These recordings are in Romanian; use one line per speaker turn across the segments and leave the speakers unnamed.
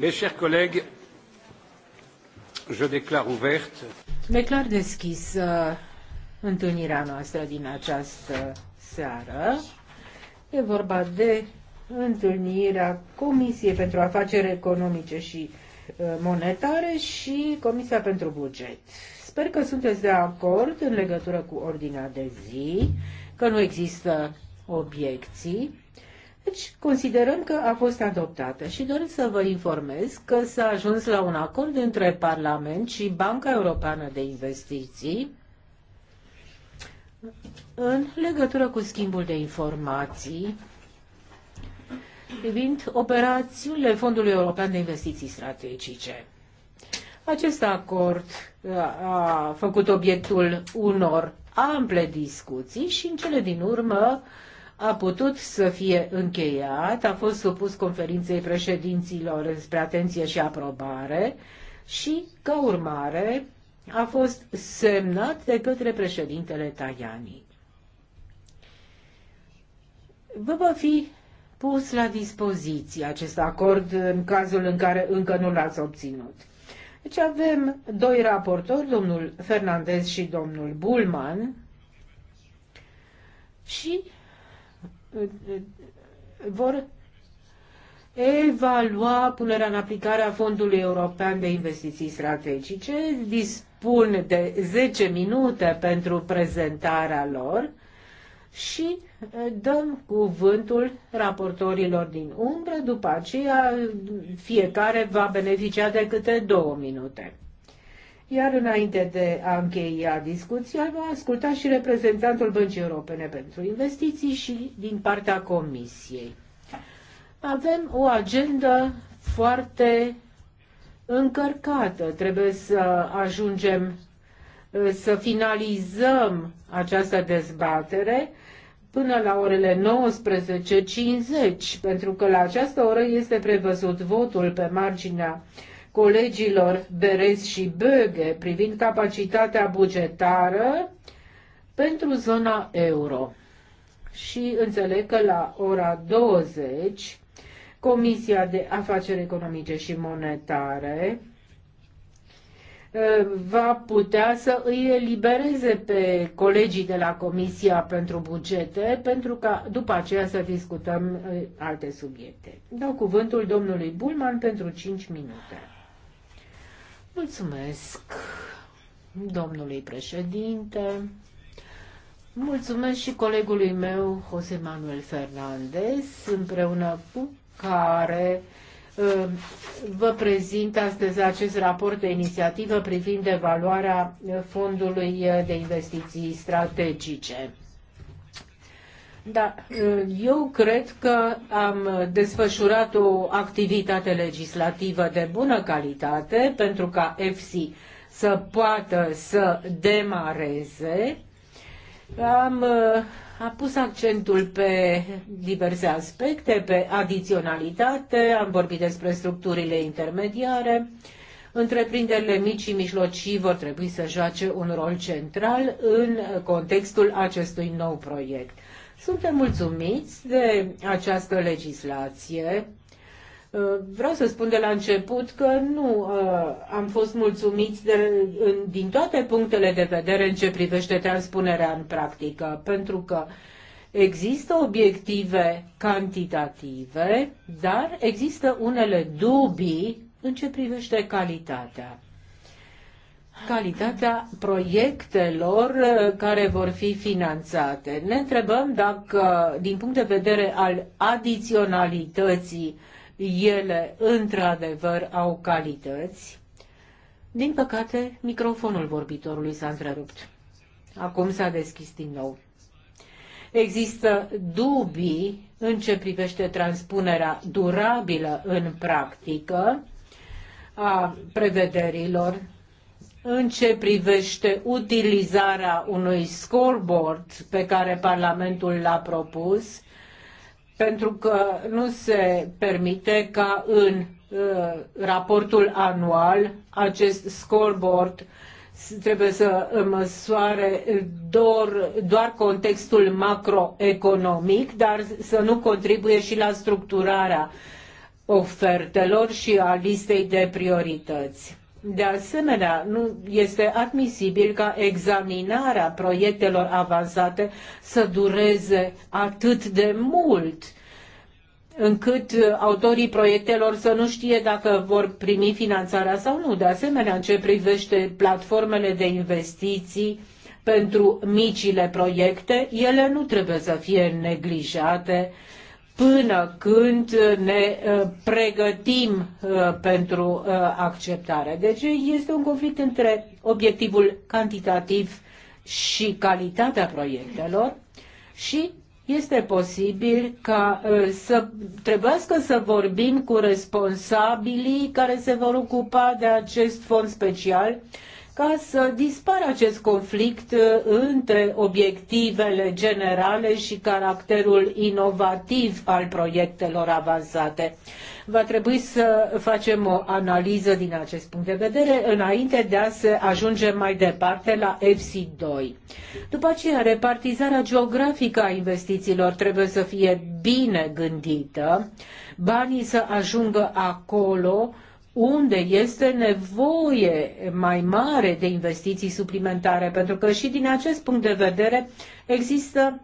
Mes chers collègues, je déclare ouverte.
Declar deschisă uh, întâlnirea noastră din această seară. E vorba de întâlnirea Comisiei pentru Afaceri Economice și uh, Monetare și Comisia pentru Buget. Sper că sunteți de acord în legătură cu ordinea de zi, că nu există obiecții. Deci considerăm că a fost adoptată și doresc să vă informez că s-a ajuns la un acord între Parlament și Banca Europeană de Investiții în legătură cu schimbul de informații privind operațiunile Fondului European de Investiții Strategice. Acest acord uh, a făcut obiectul unor ample discuții și în cele din urmă a putut să fie încheiat, a fost supus conferinței președinților spre atenție și aprobare și, ca urmare, a fost semnat de către președintele Tajani. Vă va fi pus la dispoziție acest acord în cazul în care încă nu l-ați obținut. Deci avem doi raportori, domnul Fernandez și domnul Bulman, și vor evalua punerea în aplicare a Fondului European de Investiții Strategice, dispun de 10 minute pentru prezentarea lor și eh, dăm cuvântul raportorilor din umbră, după aceea fiecare va beneficia de câte două minute. Iar înainte de a încheia discuția, vom asculta și reprezentantul Băncii Europene pentru Investiții și din partea Comisiei. Avem o agendă foarte încărcată. Trebuie să ajungem să finalizăm această dezbatere până la orele 19.50, pentru că la această oră este prevăzut votul pe marginea uh, colegilor Berez și Böge privind capacitatea bugetară pentru zona euro. Și înțeleg că la ora 20 Comisia de Afaceri Economice și Monetare ă, va putea să îi elibereze pe colegii de la Comisia pentru Bugete pentru ca după aceea să discutăm ă, alte subiecte. Dau cuvântul domnului Bulman pentru 5 minute. Mulțumesc domnului președinte. Mulțumesc și colegului meu, José Manuel Fernandez, împreună cu care uh, vă prezint astăzi acest raport de inițiativă privind evaluarea uh, Fondului uh, de Investiții Strategice. Da, eu cred că am desfășurat o activitate legislativă de bună calitate pentru ca EFSI să poată să demareze. Am uh, a pus accentul pe diverse aspecte, pe adiționalitate, am vorbit despre structurile intermediare. Întreprinderile mici și mijlocii vor trebui să joace un rol central în contextul acestui nou proiect. Suntem mulțumiți de această legislație. Vreau să spun de la început că nu uh, am fost mulțumiți de, din toate punctele de vedere în ce privește transpunerea în practică, pentru că există obiective cantitative, dar există unele dubii în ce privește calitatea calitatea proiectelor uh, care vor fi finanțate. Ne întrebăm dacă, din punct de vedere al adiționalității, ele într-adevăr au calități. Din păcate, microfonul vorbitorului s-a întrerupt. Acum s-a deschis din nou. Există dubii în ce privește transpunerea durabilă în practică a prevederilor în ce privește utilizarea unui scoreboard pe care Parlamentul l-a propus, pentru că nu se permite ca în uh, raportul anual acest scoreboard trebuie să măsoare doar, doar contextul macroeconomic, dar să nu contribuie și la structurarea ofertelor și a listei de priorități. De asemenea, nu este admisibil ca examinarea proiectelor avansate să dureze atât de mult încât uh, autorii proiectelor să nu știe dacă vor primi finanțarea sau nu. De asemenea, în ce privește platformele de investiții pentru micile proiecte, ele nu trebuie să fie neglijate până când ne uh, pregătim uh, pentru uh, acceptare. Deci este un conflict între obiectivul cantitativ și calitatea proiectelor și este posibil ca să trebuiască să vorbim cu responsabilii care se vor ocupa de acest fond special ca să dispară acest conflict uh, între obiectivele generale și caracterul inovativ al proiectelor avansate. Va trebui să facem o analiză din acest punct de vedere înainte de a se ajunge mai departe la FC2. După aceea, repartizarea geografică a investițiilor trebuie să fie bine gândită, banii să ajungă acolo, unde este nevoie mai mare de investiții suplimentare, pentru că și din acest punct de vedere există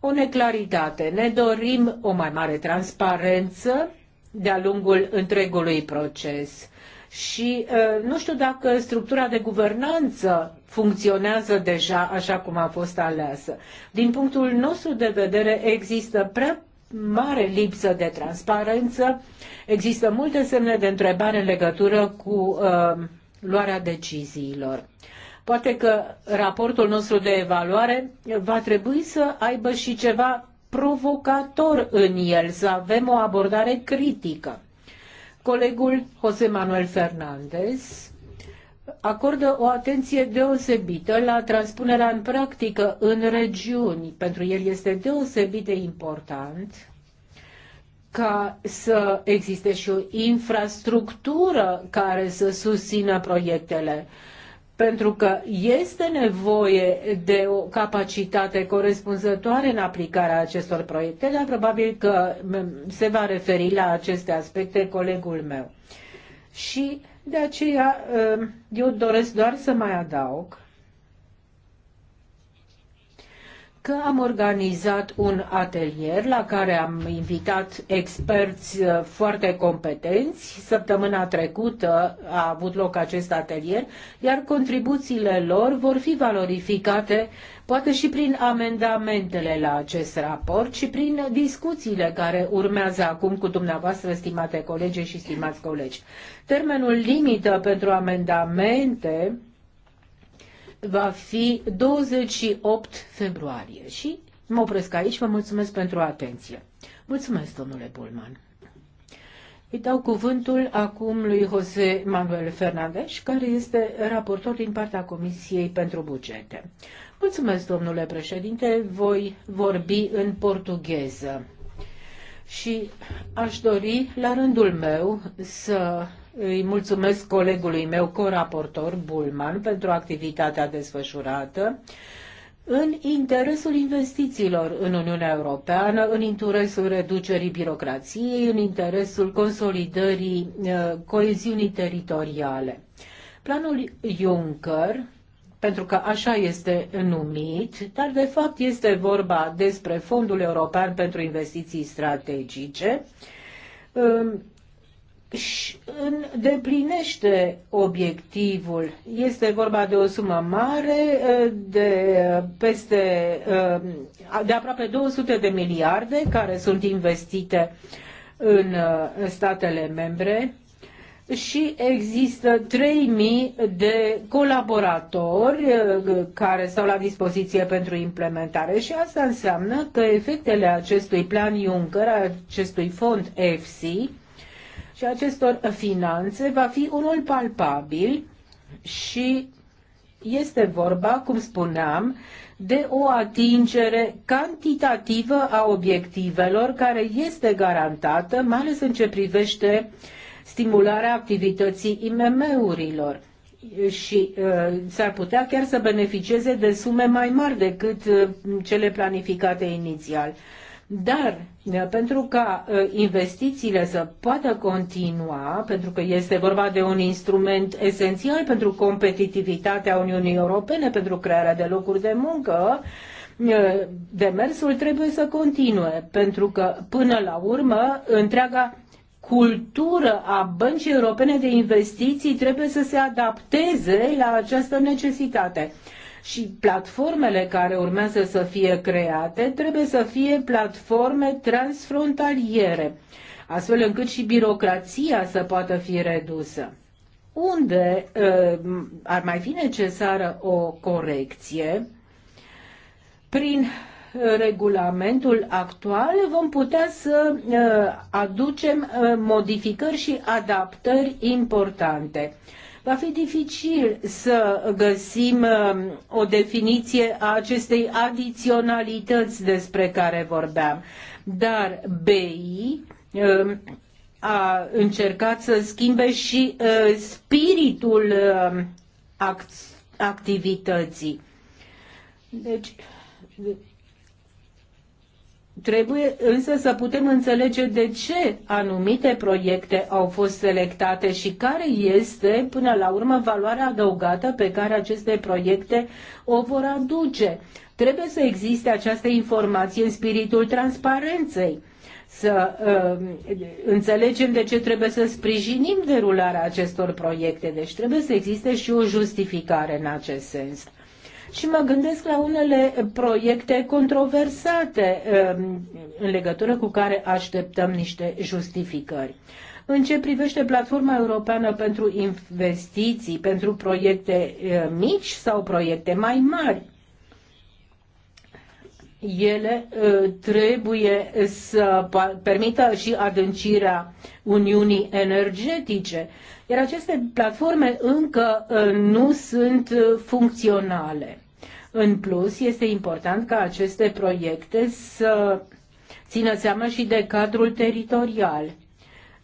o neclaritate. Ne dorim o mai mare transparență de-a lungul întregului proces. Și ă, nu știu dacă structura de guvernanță funcționează deja așa cum a fost aleasă. Din punctul nostru de vedere, există prea mare lipsă de transparență. Există multe semne de întrebare în legătură cu uh, luarea deciziilor. Poate că raportul nostru de evaluare va trebui să aibă și ceva provocator în el, să avem o abordare critică. Colegul José Manuel Fernández acordă o atenție deosebită la transpunerea în practică în regiuni. Pentru el este deosebit de important ca să existe și o infrastructură care să susțină proiectele. Pentru că este nevoie de o capacitate corespunzătoare în aplicarea acestor proiecte, dar probabil că se va referi la aceste aspecte colegul meu. Și de aceea uh, eu doresc doar să mai adaug că am organizat un atelier la care am invitat experți uh, foarte competenți. Săptămâna trecută a avut loc acest atelier, iar contribuțiile lor vor fi valorificate poate și prin amendamentele la acest raport și prin discuțiile care urmează acum cu dumneavoastră, stimate colegi și stimați colegi. Termenul limită pentru amendamente va fi 28 februarie. Și mă opresc aici, vă mulțumesc pentru atenție. Mulțumesc, domnule Bulman. Îi dau cuvântul acum lui José Manuel Fernandez, care este raportor din partea Comisiei pentru Bugete. Mulțumesc, domnule președinte, voi vorbi în portugheză. Și aș dori, la rândul meu, să îi mulțumesc colegului meu, coraportor Bulman, pentru activitatea desfășurată în interesul investițiilor în Uniunea Europeană, în interesul reducerii birocrației, în interesul consolidării uh, coeziunii teritoriale. Planul Juncker, pentru că așa este numit, dar de fapt este vorba despre Fondul European pentru Investiții Strategice, um, își îndeplinește obiectivul. Este vorba de o sumă mare de peste de aproape 200 de miliarde care sunt investite în statele membre și există 3000 de colaboratori care stau la dispoziție pentru implementare și asta înseamnă că efectele acestui plan Juncker, acestui fond EFSI, și acestor finanțe va fi unul palpabil și este vorba, cum spuneam, de o atingere cantitativă a obiectivelor care este garantată, mai ales în ce privește stimularea activității IMM-urilor și uh, s-ar putea chiar să beneficieze de sume mai mari decât uh, cele planificate inițial. Dar pentru ca investițiile să poată continua, pentru că este vorba de un instrument esențial pentru competitivitatea Uniunii Europene, pentru crearea de locuri de muncă, demersul trebuie să continue, pentru că până la urmă întreaga cultură a băncii europene de investiții trebuie să se adapteze la această necesitate și platformele care urmează să fie create trebuie să fie platforme transfrontaliere, astfel încât și birocrația să poată fi redusă. Unde uh, ar mai fi necesară o corecție prin uh, regulamentul actual vom putea să uh, aducem modificări și adaptări importante. Va fi dificil să găsim um, o definiție a acestei adiționalități despre care vorbeam, dar BI um, a încercat să schimbe și uh, spiritul um, activității. Deci, Trebuie însă să putem înțelege de ce anumite proiecte au fost selectate și care este, până la urmă, valoarea adăugată pe care aceste proiecte o vor aduce. Trebuie să existe această informație în spiritul transparenței, să uh, înțelegem de ce trebuie să sprijinim derularea acestor proiecte. Deci trebuie să existe și o justificare în acest sens și mă gândesc la unele proiecte controversate um, în legătură cu care așteptăm niște justificări. În ce privește platforma europeană pentru investiții, pentru proiecte uh, mici sau proiecte mai mari, ele uh, trebuie să permită și adâncirea Uniunii Energetice, iar aceste platforme încă uh, nu sunt funcționale. În plus, este important ca aceste proiecte să țină seama și de cadrul teritorial.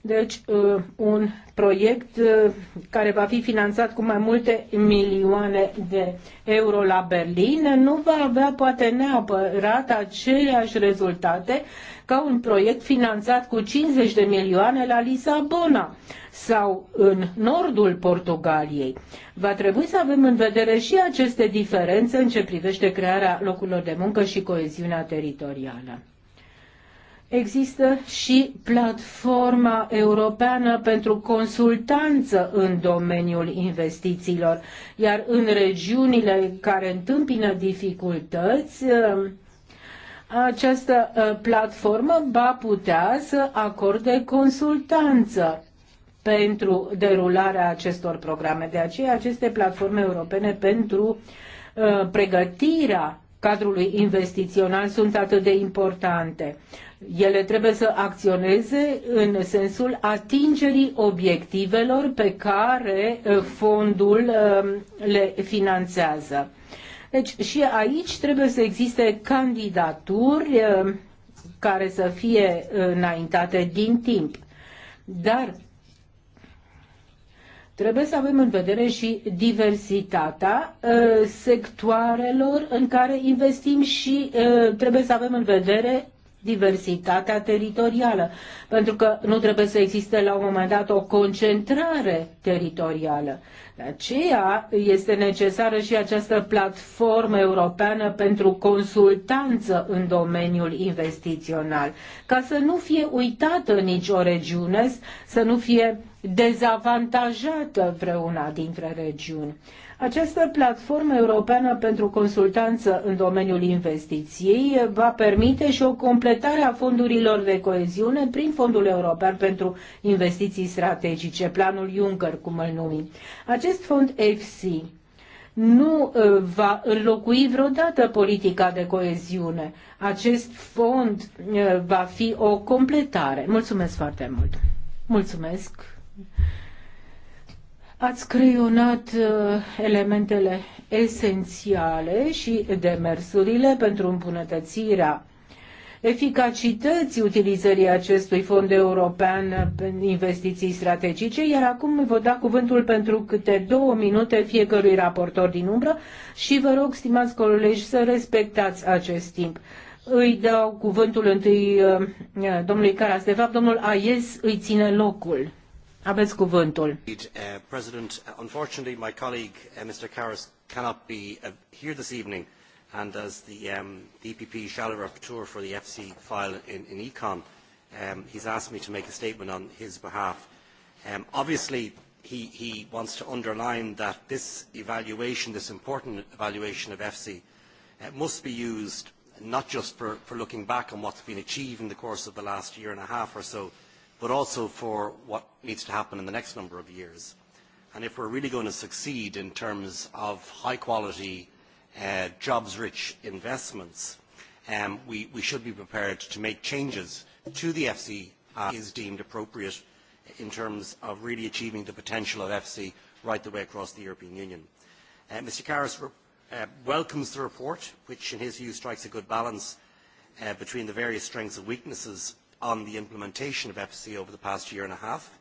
Deci, uh, un proiect uh, care va fi finanțat cu mai multe milioane de euro la Berlin nu va avea poate neapărat aceleași rezultate ca un proiect finanțat cu 50 de milioane la Lisabona sau în nordul Portugaliei. Va trebui să avem în vedere și aceste diferențe în ce privește crearea locurilor de muncă și coeziunea teritorială. Există și platforma europeană pentru consultanță în domeniul investițiilor, iar în regiunile care întâmpină dificultăți, această ă, platformă va putea să acorde consultanță pentru derularea acestor programe. De aceea, aceste platforme europene pentru ă, pregătirea cadrului investițional sunt atât de importante. Ele trebuie să acționeze în sensul atingerii obiectivelor pe care uh, fondul um, le finanțează. Deci și aici trebuie să existe candidaturi um, care să fie înaintate din timp. Dar trebuie să avem în vedere și diversitatea uh, sectoarelor în care investim și uh, trebuie să avem în vedere diversitatea teritorială, pentru că nu trebuie să existe la un moment dat o concentrare teritorială. De aceea este necesară și această platformă europeană pentru consultanță în domeniul investițional, ca să nu fie uitată nicio regiune, să nu fie dezavantajată vreuna dintre regiuni. Această platformă europeană pentru consultanță în domeniul investiției va permite și o completare a fondurilor de coeziune prin Fondul European pentru Investiții Strategice, planul Juncker, cum îl numim. Acest fond FC nu ă, va înlocui vreodată politica de coeziune. Acest fond ă, va fi o completare. Mulțumesc foarte mult! Mulțumesc! Ați creionat uh, elementele esențiale și demersurile pentru îmbunătățirea eficacității utilizării acestui fond european în investiții strategice, iar acum vă da cuvântul pentru câte două minute fiecărui raportor din umbră și vă rog, stimați colegi, să respectați acest timp. Îi dau cuvântul întâi uh, domnului Caras. De fapt, domnul Aies îi ține locul. Aveți cuvântul.
Uh, President, uh, unfortunately my colleague uh, Mr. Karas cannot be here this evening and as the, um, DPP EPP shadow rapporteur for the FC file in, in Econ, um, he's asked me to make a statement on his behalf. Um, obviously, he, he wants to underline that this evaluation, this important evaluation of FC, uh, must be used not just for, for looking back on what's been achieved in the course of the last year and a half or so, but also for what needs to happen in the next number of years. And if we're really going to succeed in terms of high quality, uh, jobs rich investments, um, we, we should be prepared to make changes to the FC uh, is deemed appropriate in terms of really achieving the potential of FC right the way across the European Union. Uh, Mr Karas uh, welcomes the report, which in his view strikes a good balance uh, between the various strengths and weaknesses on the implementation of EPSI over the past year and a half.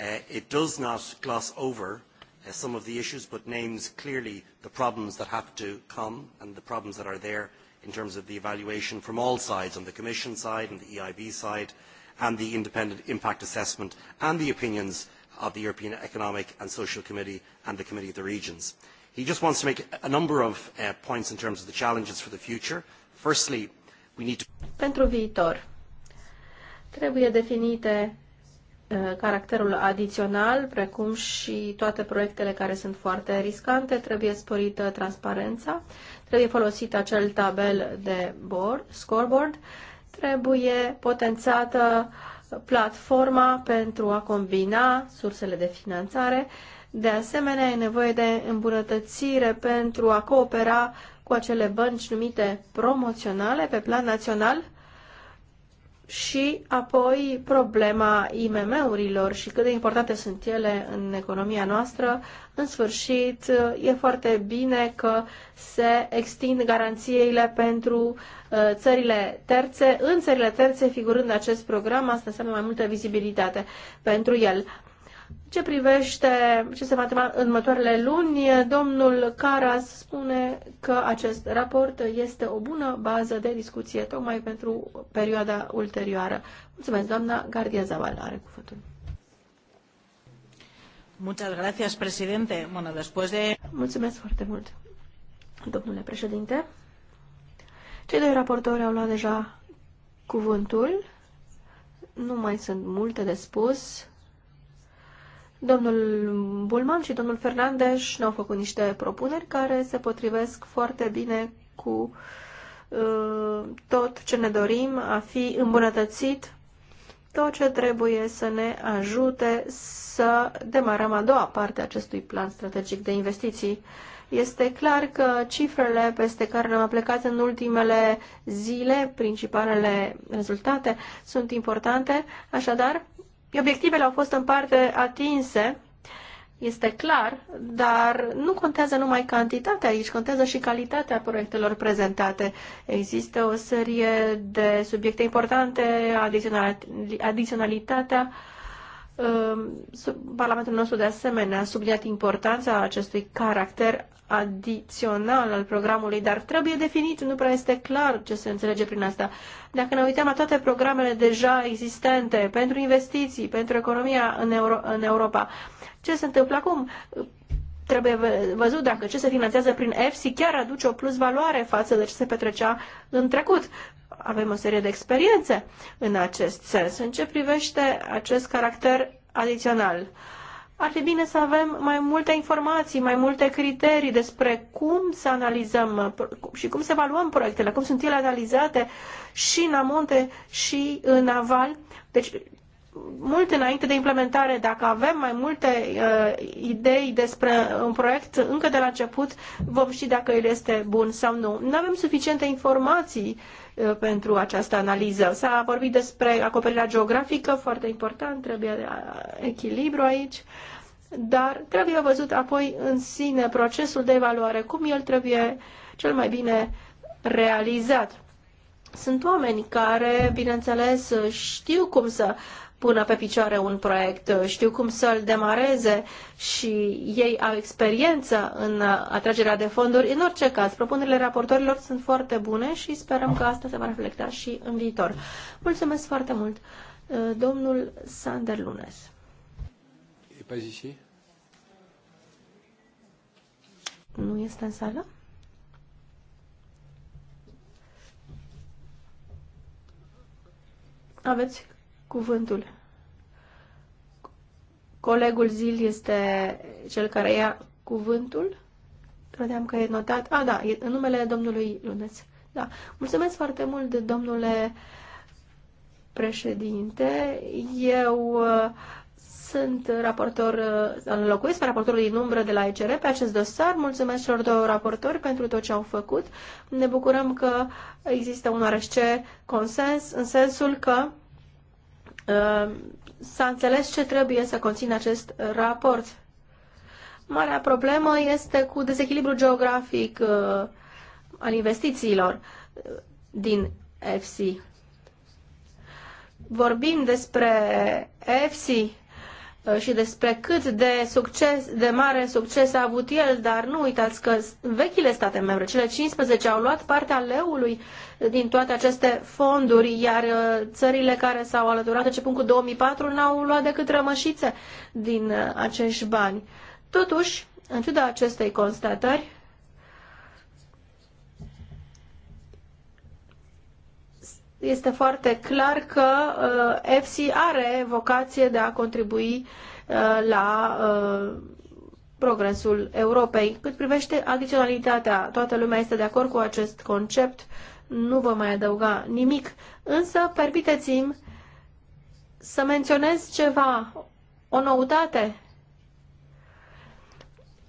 Uh, it does not gloss over uh, some of the issues, but names clearly the problems that have to come and the problems that are there in terms of the evaluation from all sides, on the Commission side and the EIB side, and the independent impact assessment and the opinions of the European Economic and Social Committee and the Committee of the Regions. He just wants to make a number of uh, points in terms of the challenges for the future. Firstly, we need to... Pentru viitor,
Trebuie definite uh, caracterul adițional, precum și toate proiectele care sunt foarte riscante, trebuie sporită transparența, trebuie folosit acel tabel de board, scoreboard, trebuie potențată platforma pentru a combina sursele de finanțare. De asemenea, e nevoie de îmbunătățire pentru a coopera cu acele bănci numite promoționale pe plan național, și apoi problema IMM-urilor și cât de importante sunt ele în economia noastră. În sfârșit, e foarte bine că se extind garanțiile pentru uh, țările terțe, în țările terțe figurând acest program, asta înseamnă mai multă vizibilitate pentru el ce privește ce se va întâmpla în următoarele luni, domnul Caras spune că acest raport este o bună bază de discuție tocmai pentru perioada ulterioară. Mulțumesc, doamna Gardia Zaval are cuvântul.
Muchas gracias,
presidente. Bueno, después de... Mulțumesc foarte mult, domnule președinte. Cei doi raportori au luat deja cuvântul. Nu mai sunt multe de spus Domnul Bulman și domnul Fernandes ne-au făcut niște propuneri care se potrivesc foarte bine cu uh, tot ce ne dorim a fi îmbunătățit, tot ce trebuie să ne ajute să demarăm a doua parte a acestui plan strategic de investiții. Este clar că cifrele peste care ne-am plecat în ultimele zile, principalele rezultate, sunt importante, așadar Păi, obiectivele au fost în parte atinse, este clar, dar nu contează numai cantitatea aici, contează și calitatea proiectelor prezentate. Există o serie de subiecte importante, adiționalitatea, Ehm, Parlamentul nostru de asemenea a subliniat importanța acestui caracter adițional al programului, dar trebuie definit, nu prea este clar ce se înțelege prin asta. Dacă ne uităm la toate programele deja existente pentru investiții, pentru economia în, Euro- în Europa, ce se întâmplă acum? Trebuie văzut dacă ce se finanțează prin EFSI chiar aduce o plus valoare față de ce se petrecea în trecut avem o serie de experiențe în acest sens. În ce privește acest caracter adițional? Ar fi bine să avem mai multe informații, mai multe criterii despre cum să analizăm și cum să evaluăm proiectele, cum sunt ele analizate și în amonte și în aval. Deci, mult înainte de implementare, dacă avem mai multe uh, idei despre un proiect, încă de la început vom ști dacă el este bun sau nu. Nu avem suficiente informații uh, Uh, pentru această analiză. S-a vorbit despre acoperirea geografică, foarte important, trebuie uh, echilibru aici, dar trebuie văzut apoi în sine procesul de evaluare, cum el trebuie cel mai bine realizat. Sunt oameni care, bineînțeles, știu cum să pună pe picioare un proiect, uh, știu cum să-l demareze și ei au experiență în uh, atragerea de fonduri. În orice caz, propunerile raportorilor sunt foarte bune și sperăm că asta se va reflecta și în viitor. Mulțumesc foarte mult, uh, domnul Sander Lunes. E pas ici? Nu este în sală? Aveți cuvântul. Colegul Zil este cel care ia cuvântul. Credeam că e notat. A, da, e în numele domnului Luneț. Da. Mulțumesc foarte mult, domnule președinte. Eu uh, sunt raportor, uh, înlocuiesc pe raportorul din umbră de la ECR pe acest dosar. Mulțumesc celor două raportori pentru tot ce au făcut. Ne bucurăm că există un oarește consens în sensul că Ehm, s-a înțeles ce trebuie să conțină acest raport. Marea problemă este cu dezechilibru geografic eh, al investițiilor eh, din EFSI. Vorbim despre EFSI eh, și despre cât de, succes, de mare succes a avut el, dar nu uitați că vechile state membre, cele 15, au luat partea leului din toate aceste fonduri, iar uh, țările care s-au alăturat începând cu 2004 n-au luat decât rămășițe din uh, acești bani. Totuși, în ciuda acestei constatări, este foarte clar că EFSI uh, are vocație de a contribui la progresul Europei. Cât privește adiționalitatea, toată lumea este de acord cu acest concept nu vă mai adăuga nimic, însă permiteți-mi să menționez ceva, o noutate.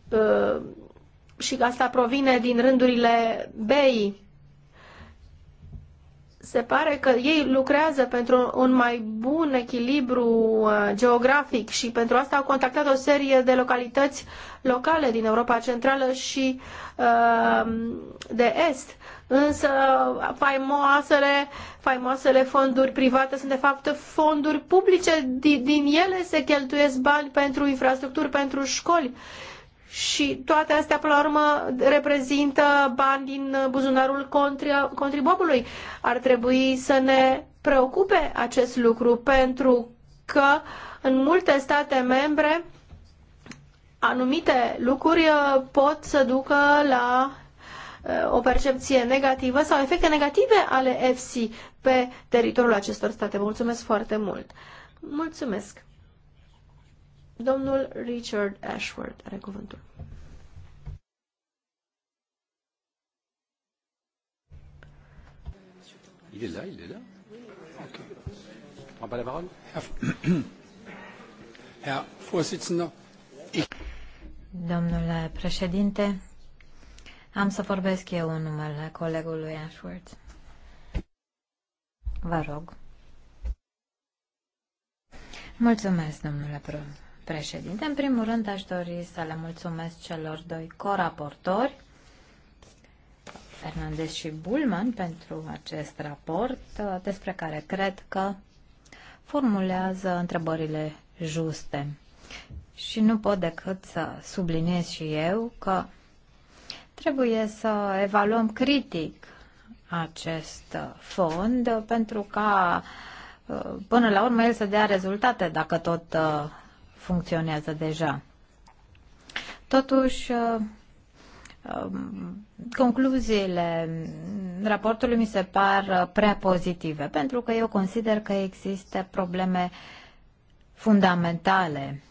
Uh, și asta provine din rândurile BEI. Se pare că ei lucrează pentru un mai bun echilibru uh, geografic și pentru asta au contactat o serie de localități locale din Europa Centrală și uh, de Est însă faimoasele, faimoasele fonduri private sunt de fapt fonduri publice, din, din ele se cheltuiesc bani pentru infrastructuri, pentru școli. Și toate astea, până la urmă, reprezintă bani din buzunarul contribuabilului. Ar trebui să ne preocupe acest lucru, pentru că în multe state membre anumite lucruri pot să ducă la Uh, o percepție negativă sau efecte negative ale EFSI pe teritoriul acestor state. Mulțumesc foarte mult! Mulțumesc! Domnul Richard Ashworth are cuvântul.
Il est là, il est là.
Okay.
Prends la Herr Vorsitzender.
Domnule președinte, am să vorbesc eu în numele colegului Ashworth. Vă rog. Mulțumesc, domnule președinte. În primul rând, aș dori să le mulțumesc celor doi coraportori, Fernandez și Bulman, pentru acest raport, uh, despre care cred că formulează întrebările juste. Și nu pot decât să subliniez și eu că Trebuie să evaluăm critic acest fond pentru ca până la urmă el să dea rezultate dacă tot uh, funcționează deja. Totuși, uh, um, concluziile raportului mi se par prea pozitive, pentru că eu consider că există probleme fundamentale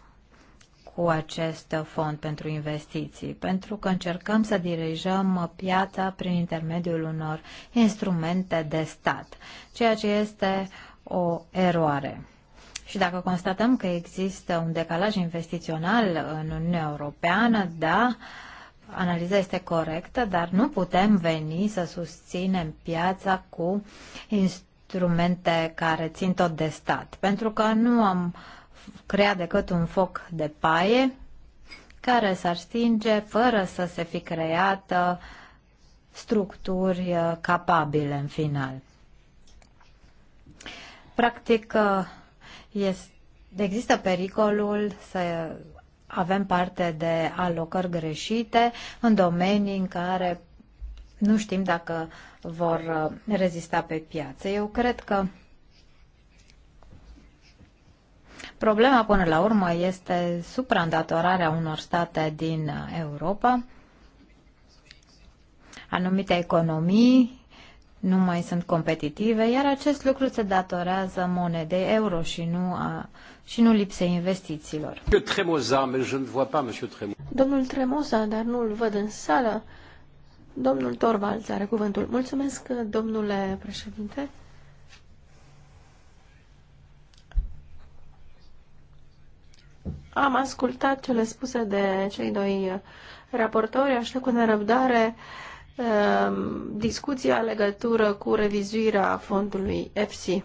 cu acest fond pentru investiții, pentru că încercăm să dirijăm piața prin intermediul unor instrumente de stat, ceea ce este o eroare. Și dacă constatăm că există un decalaj investițional în Uniunea Europeană, da, analiza este corectă, dar nu putem veni să susținem piața cu instrumente care țin tot de stat, pentru că nu am uh, crea decât un foc de paie care s-ar stinge fără să se fi creat uh, structuri uh, capabile în final. Practic, uh, este, există pericolul să avem parte de alocări greșite în domenii în care nu știm dacă vor rezista pe piață. Eu cred că Problema până la urmă este supraîndatorarea unor state din Europa. Anumite economii nu mai sunt competitive, iar acest lucru se datorează monedei euro și nu, a, și nu lipsei investițiilor. Domnul Tremosa, dar nu-l văd în sală. Domnul Torvalds are cuvântul.
Mulțumesc, domnule președinte. Am ascultat cele spuse de cei doi uh, raportori, aștept cu nerăbdare um, discuția legătură cu revizuirea fondului EFSI.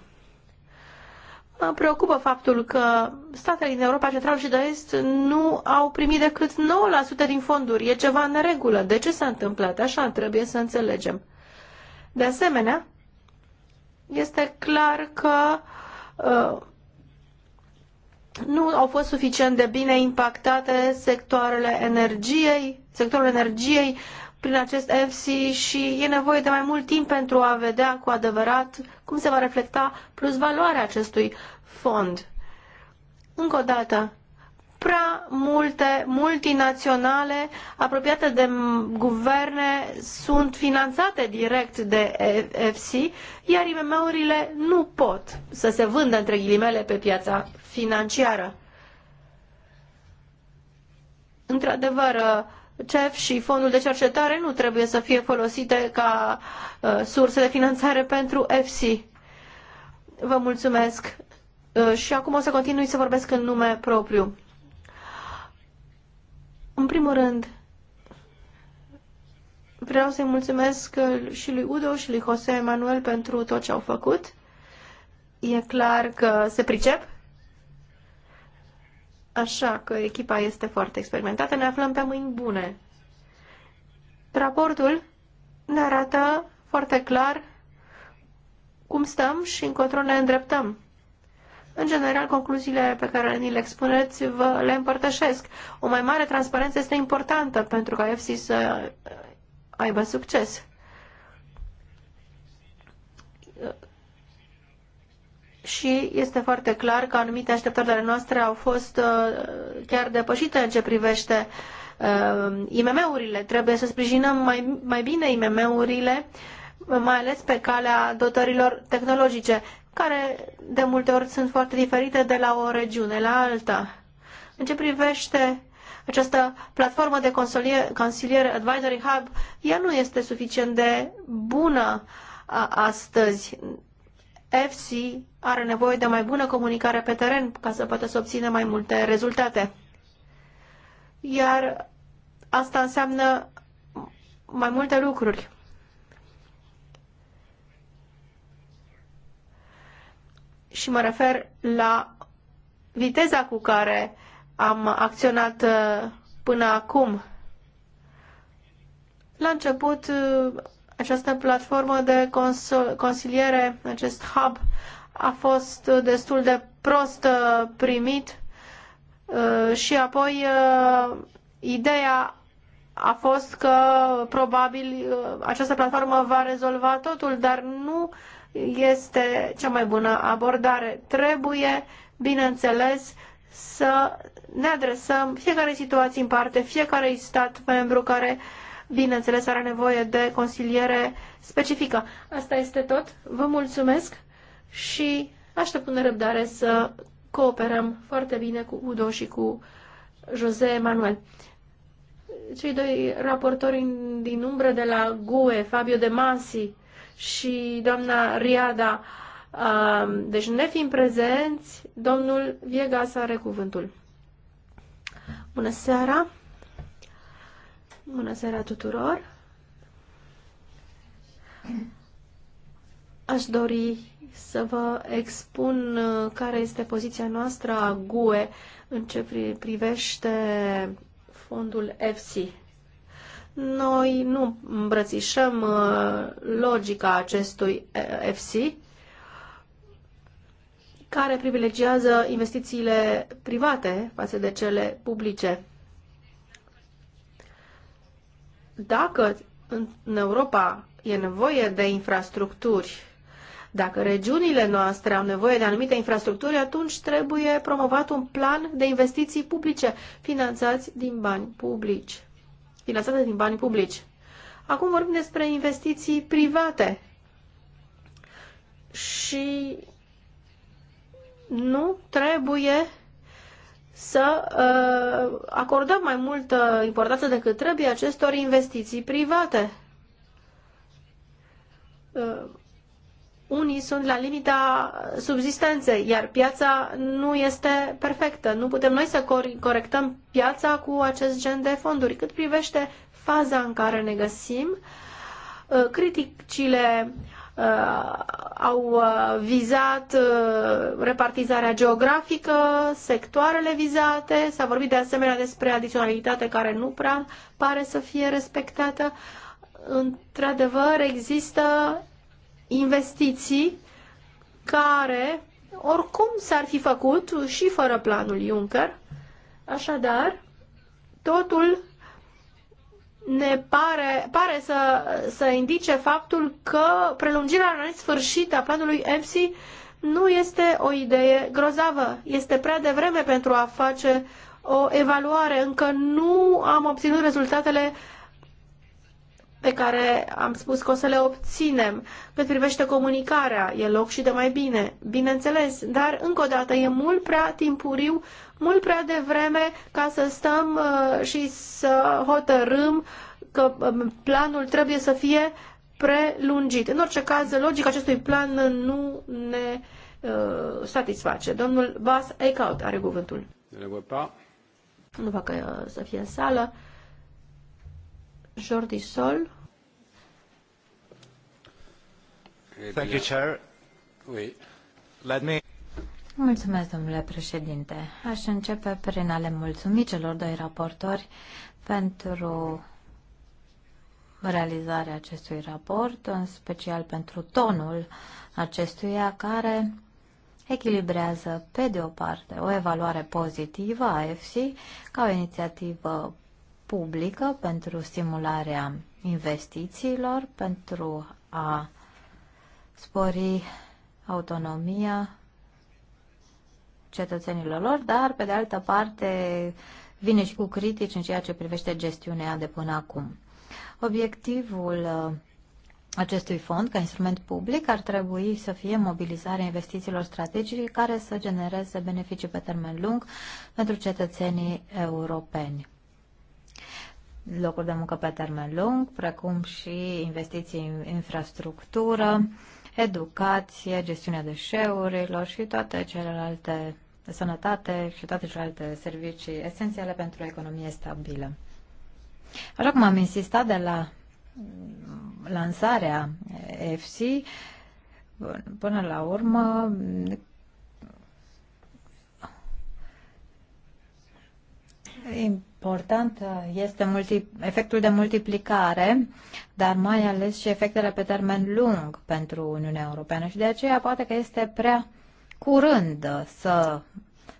Mă preocupă faptul că statele din Europa Centrală și de Est nu au primit decât 9% din fonduri. E ceva în regulă. De ce s-a întâmplat? Așa trebuie să înțelegem. De asemenea, este clar că uh, nu au fost suficient de bine impactate sectoarele energiei, sectorul energiei prin acest FC și e nevoie de mai mult timp pentru a vedea cu adevărat cum se va reflecta plus valoarea acestui fond. Încă o dată, prea multe multinaționale apropiate de guverne sunt finanțate direct de EFSI, iar IMM-urile nu pot să se vândă între ghilimele pe piața financiară. Într-adevăR, CEF și fondul de cercetare nu trebuie să fie folosite ca uh, surse de finanțare pentru EFSI. Vă mulțumesc. Uh, și acum o să continui să vorbesc în nume propriu. În primul rând, vreau să-i mulțumesc și lui Udo și lui Jose Emanuel pentru tot ce au făcut. E clar că se pricep. Așa că echipa este foarte experimentată. Ne aflăm pe mâini bune. Raportul ne arată foarte clar cum stăm și încotro ne îndreptăm. În general, concluziile pe care ni le expuneți vă le împărtășesc. O mai mare transparență este importantă pentru ca EFSI să aibă succes. și este foarte clar că anumite așteptări ale noastre au fost uh, chiar depășite în ce privește uh, IMM-urile. Trebuie să sprijinăm mai, mai bine IMM-urile, mai ales pe calea dotărilor tehnologice care de multe ori sunt foarte diferite de la o regiune la alta. În ce privește această platformă de consiliere Advisory Hub, ea nu este suficient de bună astăzi. FC are nevoie de mai bună comunicare pe teren ca să poată să obțină mai multe rezultate. Iar asta înseamnă mai multe lucruri. și mă refer la viteza cu care am acționat uh, până acum. La început, uh, această platformă de consiliere, acest hub, a fost uh, destul de prost primit și apoi ideea a fost că probabil această platformă va rezolva totul, dar nu uh, este cea mai bună abordare. Trebuie, bineînțeles, să ne adresăm fiecare situație în parte, fiecare stat membru care, bineînțeles, are nevoie de consiliere specifică. Asta este tot. Vă mulțumesc și aștept cu nerăbdare să cooperăm foarte bine cu Udo și cu José Manuel. Cei doi raportori din umbră de la GUE, Fabio De Masi și doamna Riada, um, deci fiind prezenți, domnul Viegas are cuvântul. Bună seara! Bună seara tuturor! Aș dori să vă expun uh, care este poziția noastră a GUE în ce privește fondul EFSI. Noi nu îmbrățișăm uh, logica acestui uh, FC, care privilegiază investițiile private față de cele publice. Dacă în Europa e nevoie de infrastructuri, dacă regiunile noastre au nevoie de anumite infrastructuri, atunci trebuie promovat un plan de investiții publice finanțați din bani publici finanțate din bani publici. Acum vorbim despre investiții private și nu trebuie să uh, acordăm mai multă importanță decât trebuie acestor investiții private. Uh, unii sunt la limita subzistenței, iar piața nu este perfectă. Nu putem noi să corectăm piața cu acest gen de fonduri. Cât privește faza în care ne găsim, uh, criticile uh, au uh, vizat repartizarea geografică, sectoarele vizate, s-a vorbit de asemenea despre adiționalitate care nu prea pare să fie respectată. Într-adevăr, există investiții care oricum s-ar fi făcut și fără planul Juncker. Așadar, totul ne pare, pare să, să indice faptul că prelungirea în sfârșit a planului MC nu este o idee grozavă. Este prea devreme pentru a face o evaluare. Încă nu am obținut rezultatele uh, pe care am spus că o să le obținem. Cât privește comunicarea, e loc și de mai bine, bineînțeles, dar încă o dată e mult prea timpuriu, mult prea devreme ca să stăm uh, și să hotărâm că um, planul trebuie să fie prelungit. În orice caz, logica acestui plan nu ne uh, satisface. Domnul Bas Eichhout are cuvântul. Nu văd că uh, să fie în sală. Jordi Sol.
Thank you, Chair. Oui. Let me...
Mulțumesc, domnule președinte. Aș începe prin a le mulțumi celor doi raportori pentru realizarea acestui raport, în special pentru tonul acestuia care echilibrează, pe de o parte, o evaluare pozitivă a EFSI ca o inițiativă publică pentru stimularea investițiilor, pentru a spori autonomia cetățenilor lor, dar, pe de altă parte, vine și cu critici în ceea ce privește gestiunea de până acum. Obiectivul uh, acestui fond, ca instrument public, ar trebui să fie mobilizarea investițiilor strategice care să genereze beneficii pe termen lung pentru cetățenii europeni locuri de muncă pe termen lung, precum și investiții în infrastructură, educație, gestiunea deșeurilor și toate celelalte sănătate și toate celelalte servicii esențiale pentru o economie stabilă. Așa cum am insistat de la lansarea EFSI, până la urmă important uh, este multi, efectul de multiplicare, dar mai ales și efectele pe termen lung pentru Uniunea Europeană și de aceea poate că este prea curând să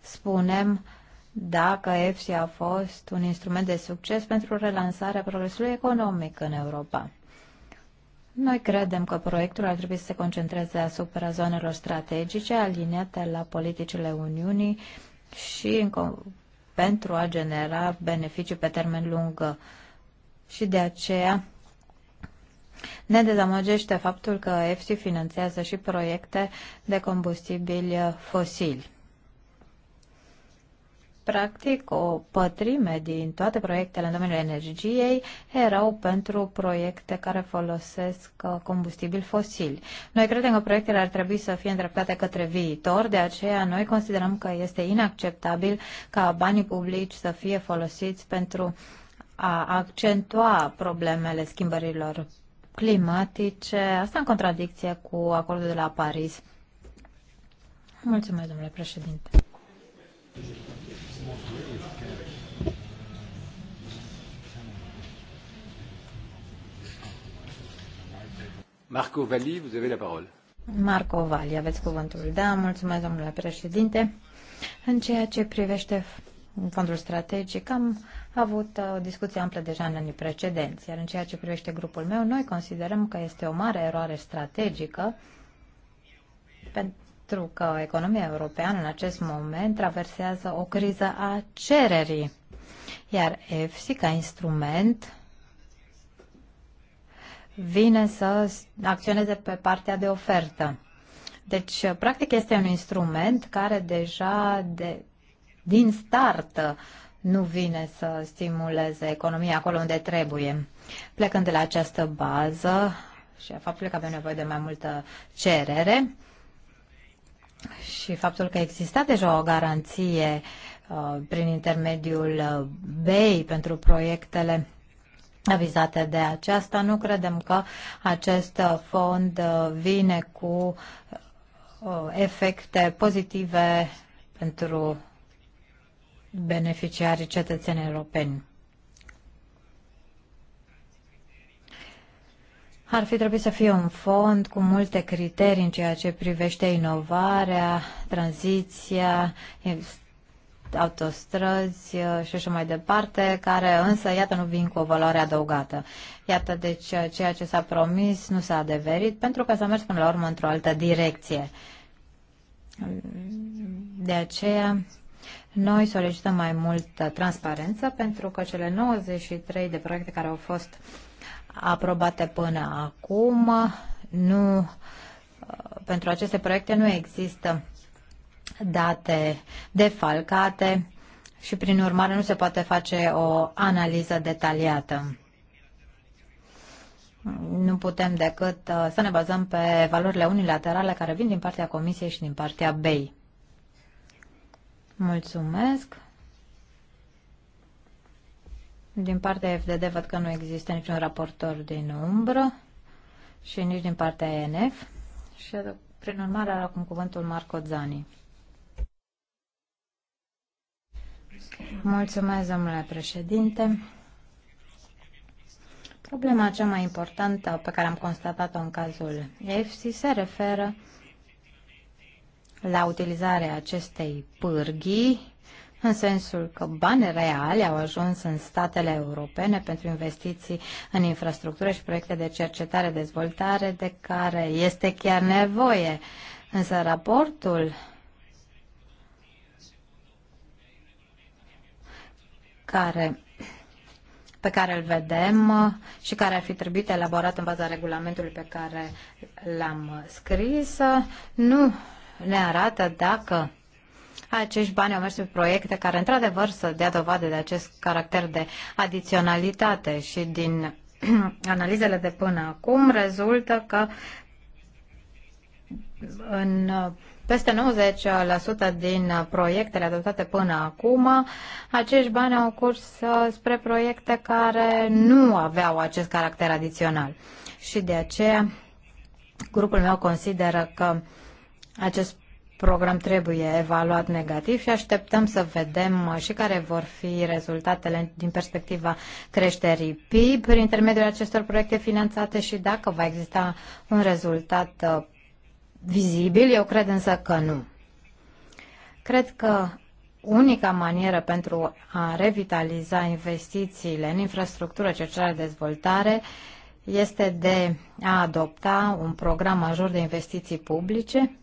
spunem dacă EFSI a fost un instrument de succes pentru relansarea progresului economic în Europa. Noi credem că proiectul ar trebui să se concentreze asupra zonelor strategice aliniate la politicile Uniunii și în pentru a genera beneficii pe termen lung. Și de aceea ne dezamăgește faptul că EFSI finanțează și proiecte de combustibili fosili practic, o pătrime din toate proiectele în domeniul energiei erau pentru proiecte care folosesc uh, combustibili fosili. Noi credem că proiectele ar trebui să fie îndreptate către viitor, de aceea noi considerăm că este inacceptabil ca banii publici să fie folosiți pentru a accentua problemele schimbărilor climatice, asta în contradicție cu acordul de la Paris. Mulțumesc, domnule președinte.
Marco Valli, vous avez la parole.
Marco Valli, aveți cuvântul. Da, mulțumesc, domnule președinte. În ceea ce privește fondul strategic, am avut uh, o discuție amplă deja în anii precedenți, iar în ceea ce privește grupul meu, noi considerăm că este o mare eroare strategică pentru că economia europeană în acest moment traversează o criză a cererii, iar EFSI ca instrument vine să acționeze pe partea de ofertă. Deci, practic, este un instrument care deja de, din start nu vine să stimuleze economia acolo unde trebuie. Plecând de la această bază și a faptului că avem nevoie de mai multă cerere, și faptul că exista deja o garanție uh, prin intermediul uh, BEI pentru proiectele avizate de aceasta, nu credem că acest uh, fond vine cu efecte pozitive pentru beneficiarii cetățenii europeni. ar fi trebuit să fie un fond cu multe criterii în ceea ce privește inovarea, tranziția, autostrăzi uh, și așa mai departe, care însă, iată, nu vin cu o valoare adăugată. Iată, deci, uh, ceea ce s-a promis nu s-a adeverit, pentru că s-a mers până la urmă într-o altă direcție. De aceea, noi solicităm mai multă transparență, pentru că cele 93 de proiecte care au fost uh, aprobate până acum. Nu, pentru aceste proiecte nu există date defalcate și prin urmare nu se poate face o analiză detaliată. Nu putem decât uh, să ne bazăm pe valorile unilaterale care vin din partea Comisiei și din partea BEI. Mulțumesc. Din partea FDD văd că nu există niciun raportor din umbră și nici din partea ENF și prin urmare are acum cuvântul Marco Zani. Mulțumesc, domnule președinte. Problema cea mai importantă pe care am constatat-o în cazul EFSI se referă la utilizarea acestei pârghii în sensul că bani reali au ajuns în statele europene pentru investiții în infrastructură și proiecte de cercetare-dezvoltare de care este chiar nevoie. Însă raportul care pe care îl vedem și care ar fi trebuit elaborat în baza regulamentului pe care l-am scris, nu ne arată dacă acești bani au mers pe proiecte care, într-adevăr, să dea dovadă de acest caracter de adiționalitate și din analizele de până acum rezultă că în peste 90% din proiectele adoptate până acum, acești bani au curs uh, spre proiecte care nu aveau acest caracter adițional. Și de aceea, grupul meu consideră că acest program trebuie evaluat negativ și așteptăm să vedem uh, și care vor fi rezultatele din perspectiva creșterii PIB prin intermediul acestor proiecte finanțate și dacă va exista un rezultat uh, vizibil. Eu cred însă că nu. Cred că unica manieră pentru a revitaliza investițiile în infrastructură, cercetare, dezvoltare este de a adopta un program major de investiții publice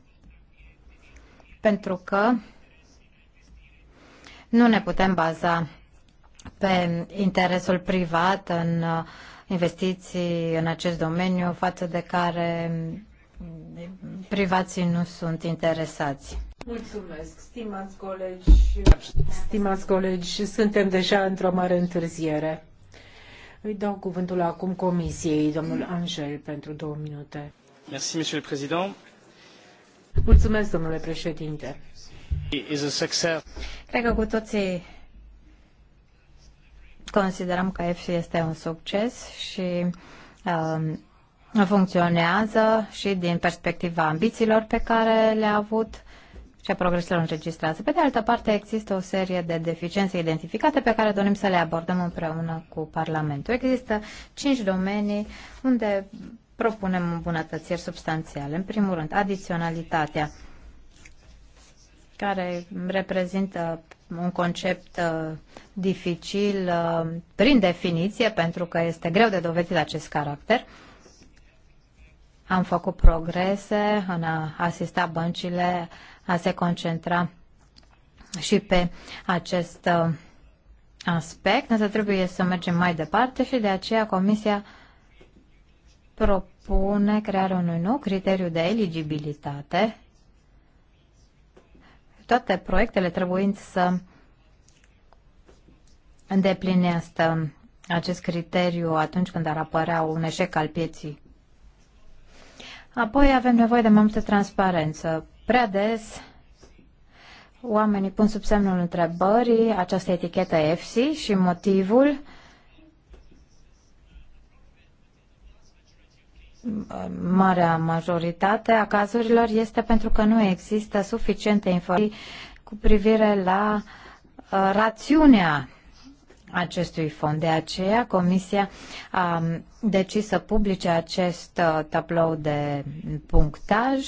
pentru că nu ne putem baza pe interesul privat în uh, investiții în acest domeniu față de care privații nu sunt interesați.
Mulțumesc, stimați colegi. Stimați colegi, suntem deja într-o mare întârziere. Îi dau cuvântul acum Comisiei, domnul Angel, pentru două minute. Merci, monsieur le président. Mulțumesc, domnule președinte.
Cred că cu toții considerăm că EFSI este un succes și um, funcționează și din perspectiva ambițiilor pe care le-a avut și a progreselor înregistrate. Pe de altă parte, există o serie de deficiențe identificate pe care dorim să le abordăm împreună cu Parlamentul. Există cinci domenii unde propunem îmbunătățiri substanțiale. În primul rând, adiționalitatea, care reprezintă un concept uh, dificil uh, prin definiție, pentru că este greu de dovedit acest caracter. Am făcut progrese în a asista băncile a se concentra și pe acest uh, aspect, însă trebuie să mergem mai departe și de aceea Comisia propune crearea unui nou criteriu de eligibilitate. Toate proiectele trebuind să îndeplinească acest criteriu atunci când ar apărea un eșec al pieții. Apoi avem nevoie de mai multă transparență. Prea des oamenii pun sub semnul întrebării această etichetă EFSI și motivul marea majoritate a cazurilor este pentru că nu există suficiente informații cu privire la uh, rațiunea acestui fond. De aceea, Comisia a um, decis să publice acest uh, tablou de punctaj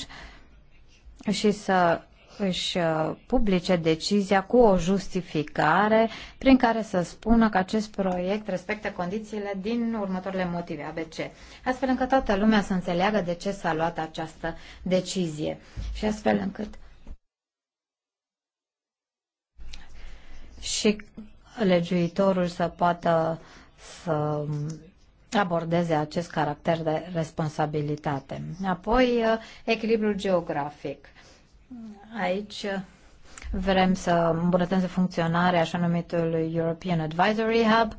și să își uh, publice decizia cu o justificare prin care să spună că acest proiect respectă condițiile din următoarele motive ABC, astfel încât toată lumea să înțeleagă de ce s-a luat această decizie și astfel încât și legiuitorul să poată să abordeze acest caracter de responsabilitate. Apoi, uh, echilibrul geografic. Aici vrem să îmbunătățim funcționarea așa numitului European Advisory Hub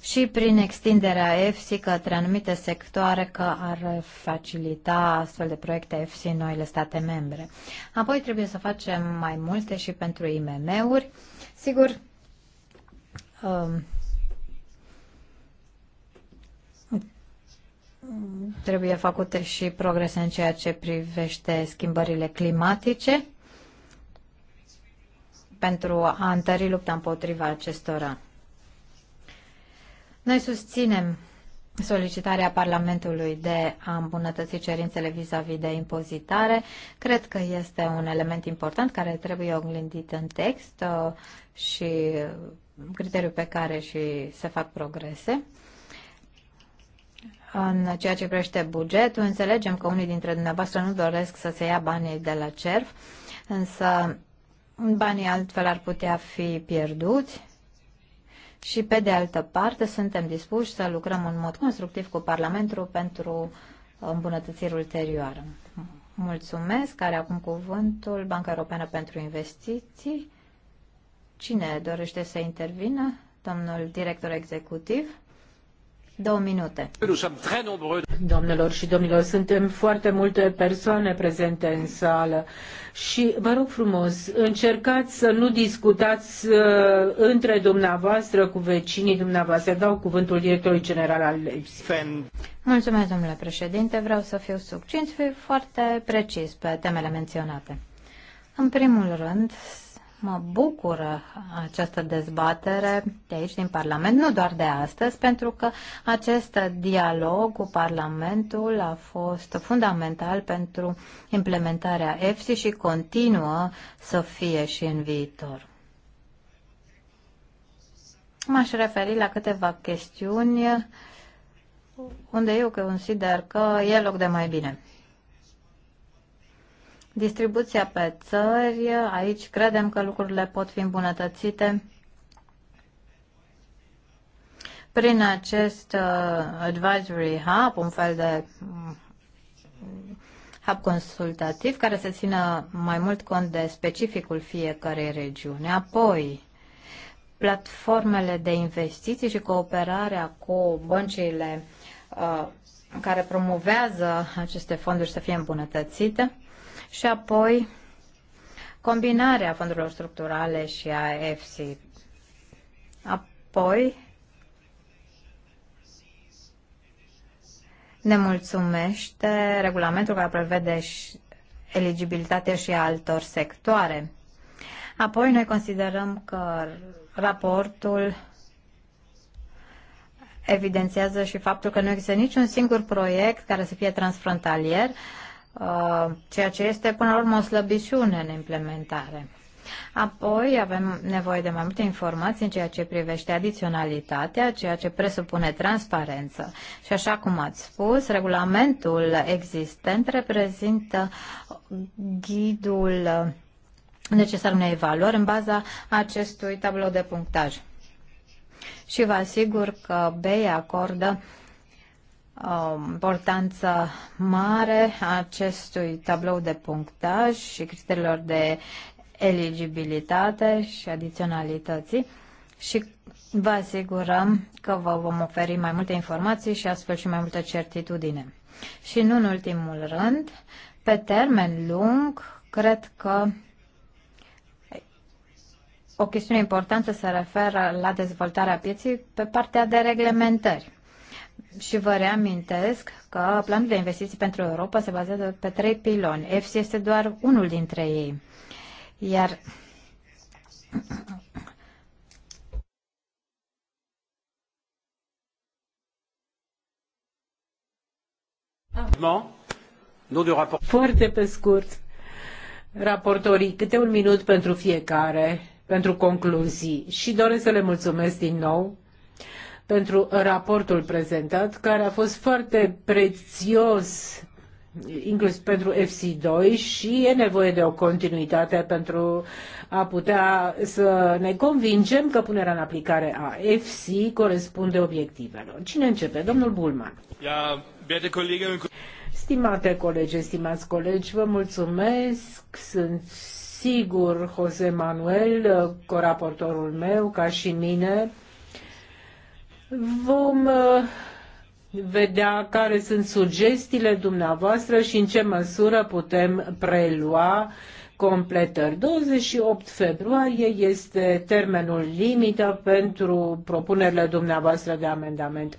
și prin extinderea EFSI către anumite sectoare că ar facilita astfel de proiecte EFSI în noile state membre. Apoi trebuie să facem mai multe și pentru IMM-uri. Sigur, um, Trebuie făcute și progrese în ceea ce privește schimbările climatice pentru a întări lupta împotriva acestora. Noi susținem solicitarea Parlamentului de a îmbunătăți cerințele vis-a-vis -vis de impozitare. Cred că este un element important care trebuie oglindit în text uh, și criteriul pe care și se fac progrese. În ceea ce privește bugetul, înțelegem că unii dintre dumneavoastră nu doresc să se ia banii de la CERF, însă banii altfel ar putea fi pierduți și, pe de altă parte, suntem dispuși să lucrăm în mod constructiv cu Parlamentul pentru îmbunătățiri ulterioară. Mulțumesc. Are acum cuvântul Banca Europeană pentru Investiții. Cine dorește să intervină? Domnul director executiv. Două minute. Doamnelor și domnilor, suntem
foarte multe persoane prezente în sală și vă rog frumos, încercați să nu discutați uh, între dumneavoastră cu vecinii dumneavoastră. Dau cuvântul directorului general al EPSI.
Mulțumesc, domnule președinte. Vreau să fiu succint și foarte precis pe temele menționate. În primul rând, Mă bucură această dezbatere de aici, din Parlament, nu doar de astăzi, pentru că acest dialog cu Parlamentul a fost fundamental pentru implementarea EFSI și continuă să fie și în viitor. M-aș referi la câteva chestiuni unde eu consider că e loc de mai bine. Distribuția pe țări, aici credem că lucrurile pot fi îmbunătățite prin acest uh, advisory hub, un fel de mm, hub consultativ care să țină mai mult cont de specificul fiecărei regiuni. Apoi, platformele de investiții și cooperarea cu băncile uh, care promovează aceste fonduri să fie îmbunătățite și apoi combinarea fondurilor structurale și a EFSI. Apoi ne mulțumește regulamentul care prevede și eligibilitatea și altor sectoare. Apoi noi considerăm că raportul evidențiază și faptul că nu există niciun singur proiect care să fie transfrontalier Uh, ceea ce este până la urmă o slăbiciune în implementare. Apoi avem nevoie de mai multe informații în ceea ce privește adiționalitatea, ceea ce presupune transparență. Și așa cum ați spus, regulamentul existent reprezintă ghidul necesar unei evaluări în baza acestui tablou de punctaj. Și vă asigur că BEI acordă uh, o importanță mare a acestui tablou de punctaj și criteriilor de eligibilitate și adiționalității și vă asigurăm că vă vom oferi mai multe informații și astfel și mai multă certitudine. Și nu în ultimul rând, pe termen lung, cred că o chestiune importantă se referă la dezvoltarea pieții pe partea de reglementări. Și vă reamintesc că planul de investiții pentru Europa se bazează pe trei piloni. EFSI este doar unul dintre ei. Iar
Foarte pe scurt, raportorii, câte un minut pentru fiecare, pentru concluzii și doresc să le mulțumesc din nou pentru raportul prezentat, care a fost foarte prețios inclusiv pentru FC2 și e nevoie de o continuitate pentru a putea să ne convingem că punerea în aplicare a FC corespunde obiectivelor. Cine începe? Domnul Bulman. Stimate colegi, stimați colegi, vă mulțumesc. Sunt sigur, Jose Manuel, coraportorul meu, ca și mine, Vom uh, vedea care sunt sugestiile dumneavoastră și în ce măsură putem prelua completări. 28 februarie este termenul limită pentru propunerile dumneavoastră de amendament.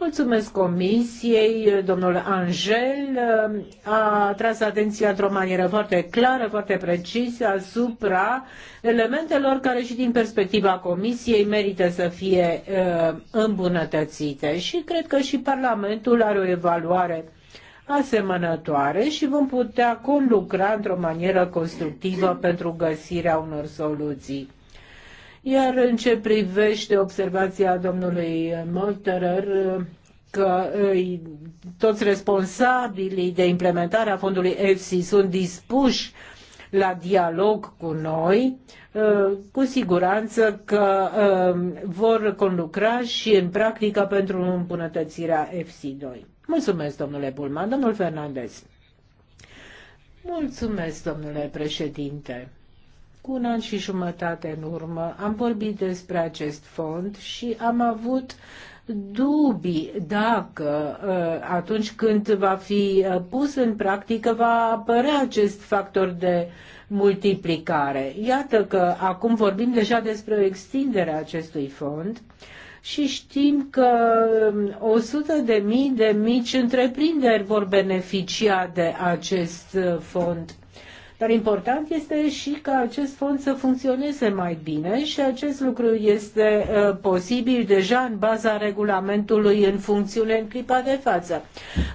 Mulțumesc Comisiei, domnul Angel uh, a tras atenția într-o manieră foarte clară, foarte precisă asupra elementelor care și din perspectiva Comisiei merită să fie uh, îmbunătățite și cred că și Parlamentul are o evaluare asemănătoare și vom putea conlucra într-o manieră constructivă pentru găsirea unor soluții. Iar în ce privește observația domnului Molterer, că toți responsabilii de implementare a fondului EFSI sunt dispuși la dialog cu noi, ă, cu siguranță că ă, vor conlucra și în practică pentru îmbunătățirea FC2. Mulțumesc, domnule Bulman. Domnul Fernandez. Mulțumesc, domnule președinte. Cu un an și jumătate în urmă am vorbit despre acest fond și am avut dubii dacă uh, atunci când va fi uh, pus în practică va apărea acest factor de multiplicare. Iată că acum vorbim deja despre o extindere a acestui fond și știm că 100 um, de mii de mici întreprinderi vor beneficia de acest uh, fond dar important este și ca acest fond să funcționeze mai bine și acest lucru este uh, posibil deja în baza regulamentului în funcțiune în clipa de față.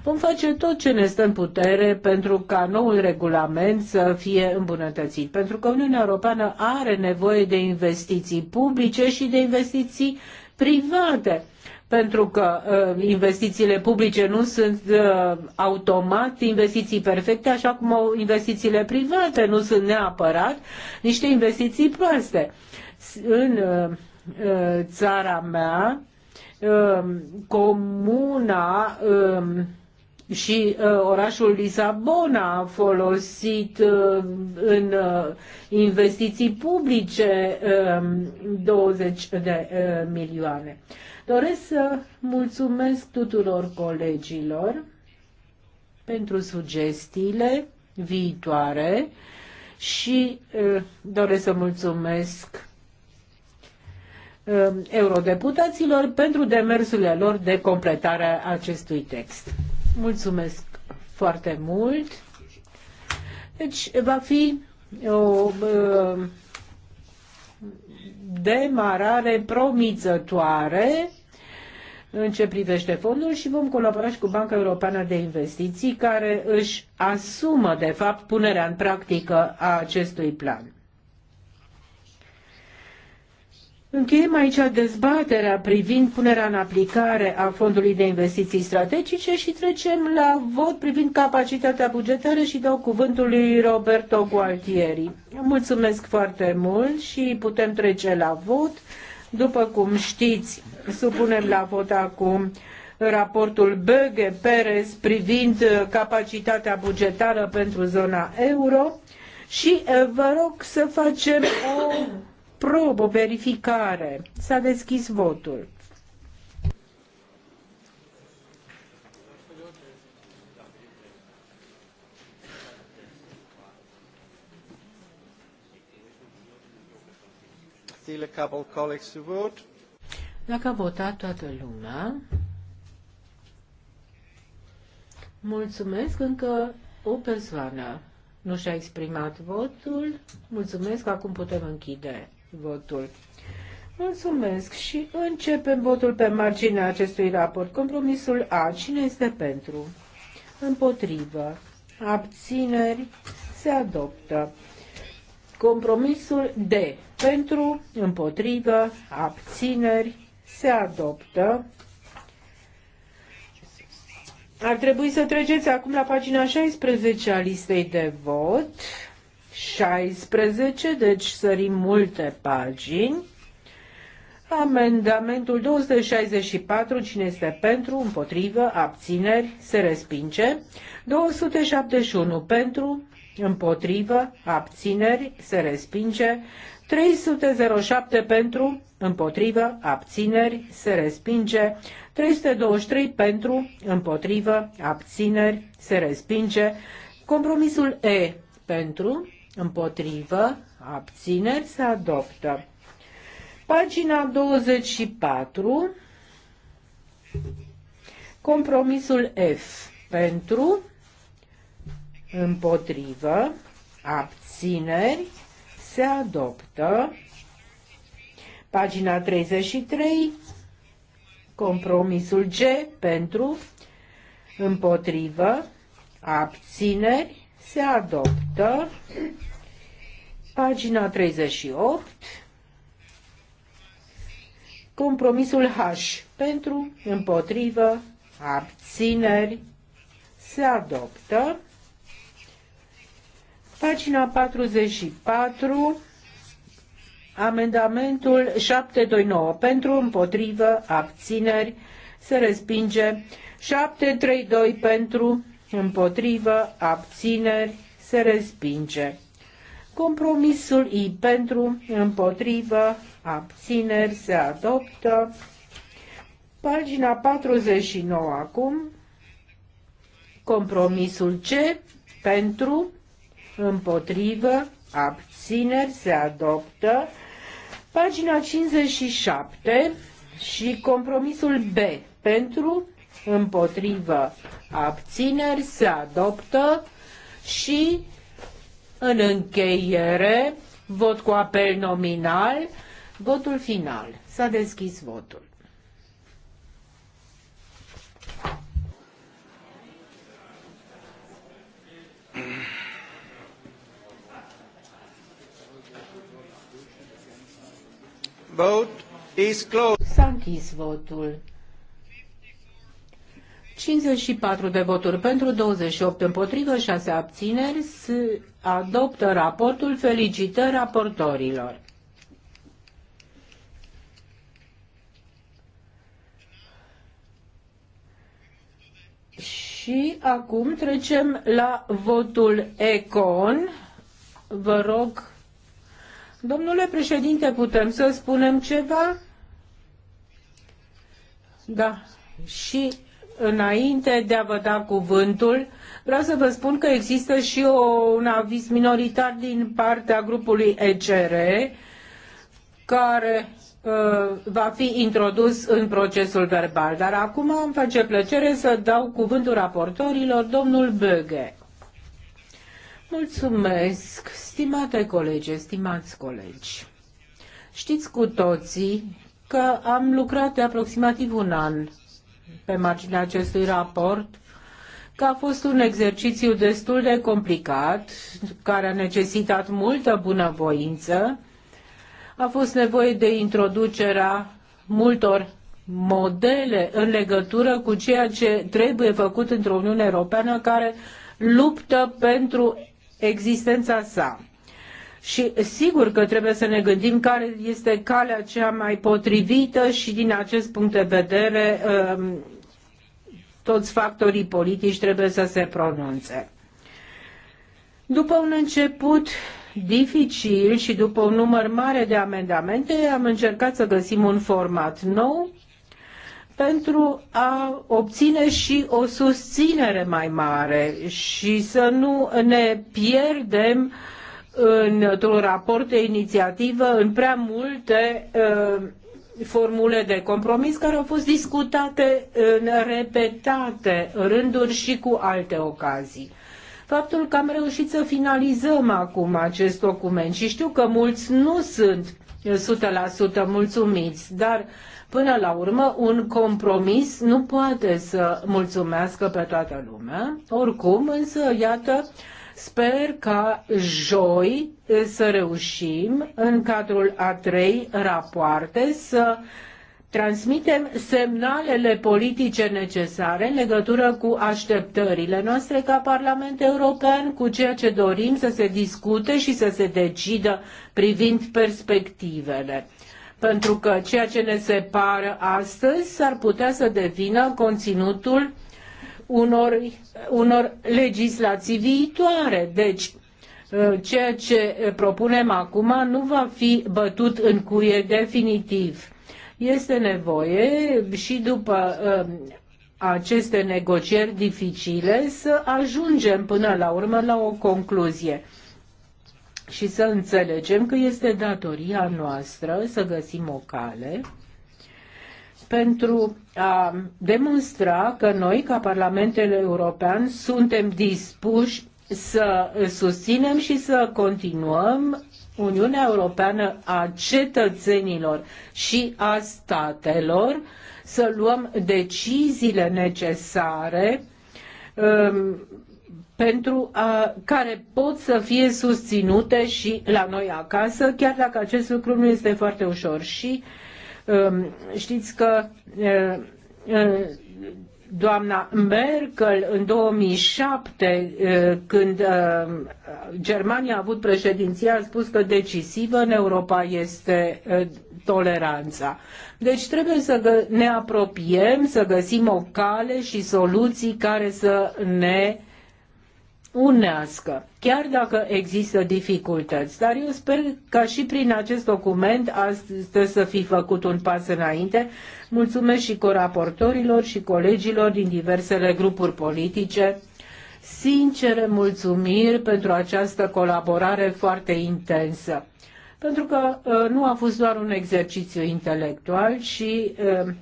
Vom face tot ce ne stă în putere pentru ca noul regulament să fie îmbunătățit, pentru că Uniunea Europeană are nevoie de investiții publice și de investiții private pentru că uh, investițiile publice nu sunt uh, automat investiții perfecte, așa cum investițiile private nu sunt neapărat niște investiții proaste. În uh, țara mea, um, comuna um, și orașul Lisabona a folosit în investiții publice 20 um, de milioane. Doresc să mulțumesc tuturor colegilor pentru sugestiile viitoare și doresc să mulțumesc eurodeputaților pentru demersurile lor de completare a acestui text. Mulțumesc foarte mult. Deci va fi o uh, demarare promițătoare în ce privește fondul și vom colabora și cu Banca Europeană de Investiții, care își asumă, de fapt, punerea în practică a acestui plan. Încheiem aici dezbaterea privind punerea în aplicare a Fondului de Investiții Strategice și trecem la vot privind capacitatea bugetară și dau cuvântul lui Roberto Gualtieri. Mulțumesc foarte mult și putem trece la vot. După cum știți, supunem la vot acum raportul Böge Perez privind capacitatea bugetară pentru zona euro și eh, vă rog să facem o probă, verificare. S-a deschis votul. Still a couple colleagues to vote. Dacă a votat toată lumea, mulțumesc încă o persoană nu și-a exprimat votul. Mulțumesc, acum putem închide votul. Mulțumesc și începem votul pe marginea acestui raport. Compromisul A. Cine este pentru? Împotrivă. Abțineri. Se adoptă. Compromisul D. Pentru, împotrivă, abțineri. Se adoptă. Ar trebui să treceți acum la pagina 16 a listei de vot. 16, deci sărim multe pagini. Amendamentul 264, cine este pentru, împotrivă, abțineri, se respinge. 271 pentru, împotrivă, abțineri, se respinge. 307 pentru, împotrivă, abțineri, se respinge. 323 pentru, împotrivă, abțineri, se respinge. Compromisul E pentru, împotrivă, abțineri, se adoptă. Pagina 24, compromisul F, pentru, împotrivă, abțineri, se adoptă. Pagina 33, compromisul G, pentru, împotrivă, abțineri, se adoptă. Pagina 38. Compromisul H pentru, împotrivă, abțineri se adoptă. Pagina 44. Amendamentul 729 pentru, împotrivă, abțineri se respinge. 732 pentru, împotrivă, abțineri, se respinge. Compromisul I pentru, împotrivă, abțineri, se adoptă. Pagina 49 acum, compromisul C pentru, împotrivă, abțineri, se adoptă. Pagina 57 și compromisul B pentru, împotrivă, abțineri, se adoptă și în încheiere, vot cu apel nominal, votul final. S-a deschis votul. Vote is closed. S-a închis votul. 54 de voturi pentru, 28 împotrivă, 6 abțineri. Se adoptă raportul. Felicitări raportorilor. Și acum trecem la votul ECON. Vă rog, domnule președinte, putem să spunem ceva? Da. Și înainte de a vă da cuvântul, vreau să vă spun că există și o, un aviz minoritar din partea grupului ECR, care uh, va fi introdus în procesul verbal. Dar acum îmi face plăcere să dau cuvântul raportorilor, domnul Băge. Mulțumesc, stimate colegi, stimați colegi. Știți cu toții că am lucrat de aproximativ un an pe marginea acestui raport că a fost un exercițiu destul de complicat, care a necesitat multă bunăvoință. A fost nevoie de introducerea multor modele în legătură cu ceea ce trebuie făcut într-o Uniune Europeană care luptă pentru existența sa. Și sigur că trebuie să ne gândim care este calea cea mai potrivită și din acest punct de vedere um, toți factorii politici trebuie să se pronunțe. După un început dificil și după un număr mare de amendamente, am încercat să găsim un format nou pentru a obține și o susținere mai mare și să nu ne pierdem uh, într-un raport de inițiativă în prea multe uh, formule de compromis care au fost discutate în repetate rânduri și cu alte ocazii. Faptul că am reușit să finalizăm acum acest document și știu că mulți nu sunt 100% mulțumiți, dar până la urmă un compromis nu poate să mulțumească pe toată lumea. Oricum, însă, iată, uh, Sper ca joi să reușim, în cadrul a trei rapoarte, să transmitem semnalele politice necesare în legătură cu așteptările noastre ca Parlament European, cu ceea ce dorim să se discute și să se decidă privind perspectivele. Pentru că ceea ce ne separă astăzi s-ar putea să devină conținutul unor, unor legislații viitoare. Deci, ă, ceea ce propunem acum nu va fi bătut în cuie definitiv. Este nevoie și după ă, aceste negocieri dificile să ajungem până la urmă la o concluzie și să înțelegem că este datoria noastră să găsim o cale pentru a demonstra că noi, ca Parlamentele European, suntem dispuși să susținem și să continuăm Uniunea Europeană a cetățenilor și a statelor, să luăm deciziile necesare um, pentru a, care pot să fie susținute și la noi acasă, chiar dacă acest lucru nu este foarte ușor. Și uh, Um, știți că uh, uh, doamna Merkel în 2007, uh, când Germania a avut președinția, a spus că decisivă în Europa este toleranța. Deci trebuie să ne apropiem, să găsim o cale și soluții care să ne uh, unească, chiar dacă există dificultăți. Dar eu sper că și prin acest document astăzi să fi făcut un pas înainte. Mulțumesc și coraportorilor și colegilor din diversele grupuri politice. Sincere mulțumiri pentru această colaborare foarte intensă. Pentru că uh, nu a fost doar un exercițiu intelectual, și uh,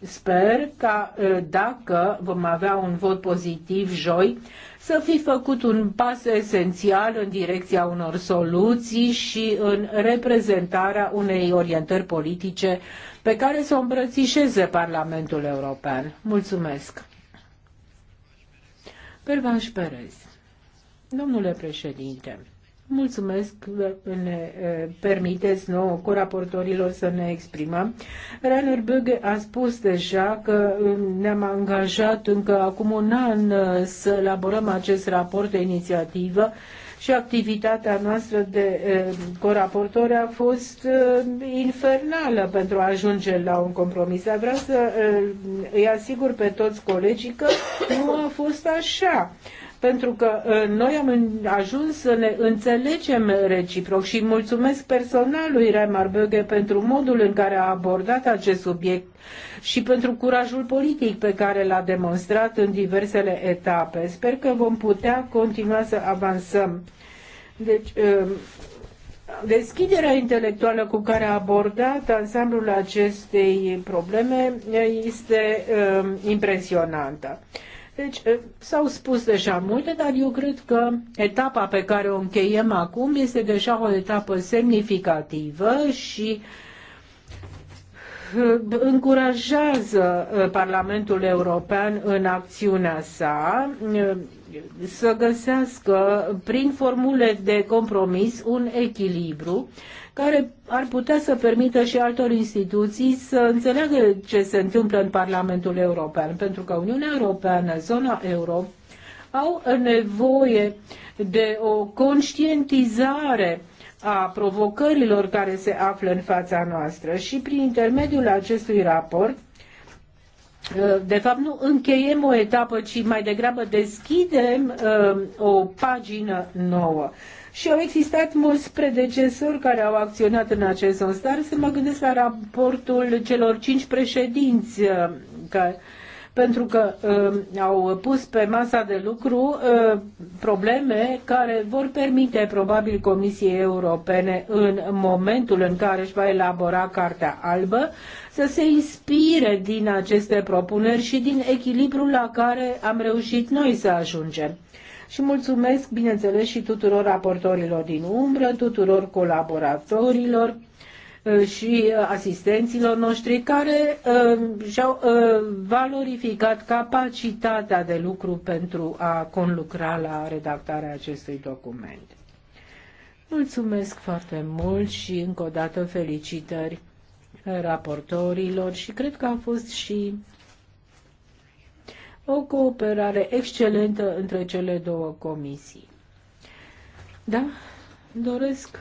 sper că uh, dacă vom avea un vot pozitiv joi, să fi făcut un pas esențial în direcția unor soluții și în reprezentarea unei orientări politice pe care să o îmbrățișeze Parlamentul European. Mulțumesc! Pervanș Perez Domnule președinte, Mulțumesc că ne permiteți nouă coraportorilor să ne exprimăm. Rainer Böge a spus deja că ne-am angajat încă acum un an să elaborăm acest raport de inițiativă și activitatea noastră de coraportori a fost infernală pentru a ajunge la un compromis. Dar vreau să îi asigur pe toți colegii că nu a fost așa pentru că uh, noi am ajuns să ne înțelegem reciproc și mulțumesc personalului Reimar Böge pentru modul în care a abordat acest subiect și pentru curajul politic pe care l-a demonstrat în diversele etape. Sper că vom putea continua să avansăm. Deci, uh, deschiderea intelectuală cu care a abordat ansamblul acestei probleme este uh, impresionantă. Deci eh, s-au spus deja multe, dar eu cred că etapa pe care o încheiem acum este deja o etapă semnificativă și eh, încurajează eh, Parlamentul European în acțiunea sa să găsească prin formule de compromis un echilibru care ar putea să permită și altor instituții să înțeleagă ce se întâmplă în Parlamentul European, pentru că Uniunea Europeană, zona euro, au nevoie de o conștientizare a provocărilor care se află în fața noastră și prin intermediul acestui raport de fapt nu încheiem o etapă, ci mai degrabă deschidem uh, o pagină nouă și au existat mulți predecesori care au acționat în acest sens, dar să mă gândesc la raportul celor cinci președinți uh, că, pentru că uh, au pus pe masa de lucru uh, probleme care vor permite probabil Comisiei Europene în momentul în care își va elabora Cartea Albă să se inspire din aceste propuneri și din echilibrul la care am reușit noi să ajungem și mulțumesc, bineînțeles, și tuturor raportorilor din umbră, tuturor colaboratorilor uh, și asistenților noștri care uh, și-au uh, valorificat capacitatea de lucru pentru a conlucra la redactarea acestui document. Mulțumesc foarte mult și încă o dată felicitări raportorilor și cred că a fost și o cooperare excelentă între cele două comisii. Da? Doresc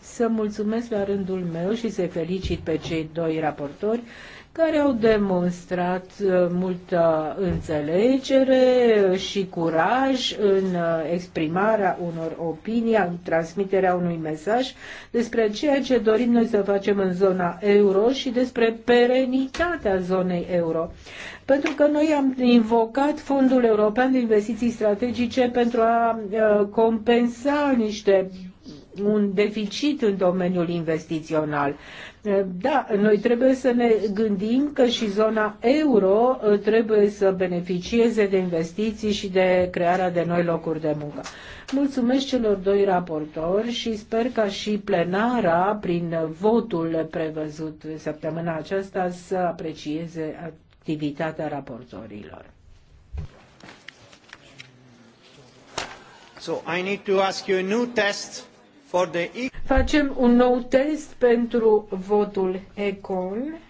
să mulțumesc la rândul meu și să felicit pe cei doi raportori care au demonstrat uh, multă înțelegere și curaj în uh, exprimarea unor opinii, în transmiterea unui mesaj despre ceea ce dorim noi să facem în zona euro și despre perenitatea zonei euro. Pentru că noi am invocat Fondul European de Investiții Strategice pentru a uh, compensa niște un deficit în domeniul investițional. Da, noi trebuie să ne gândim că și zona euro uh, trebuie să beneficieze de investiții și de crearea de noi locuri de muncă. Mulțumesc celor doi raportori și sper ca și plenara, prin votul prevăzut săptămâna aceasta, să aprecieze activitatea raportorilor.
So I need to ask you a new test.
Facem un nou test pentru votul ECON.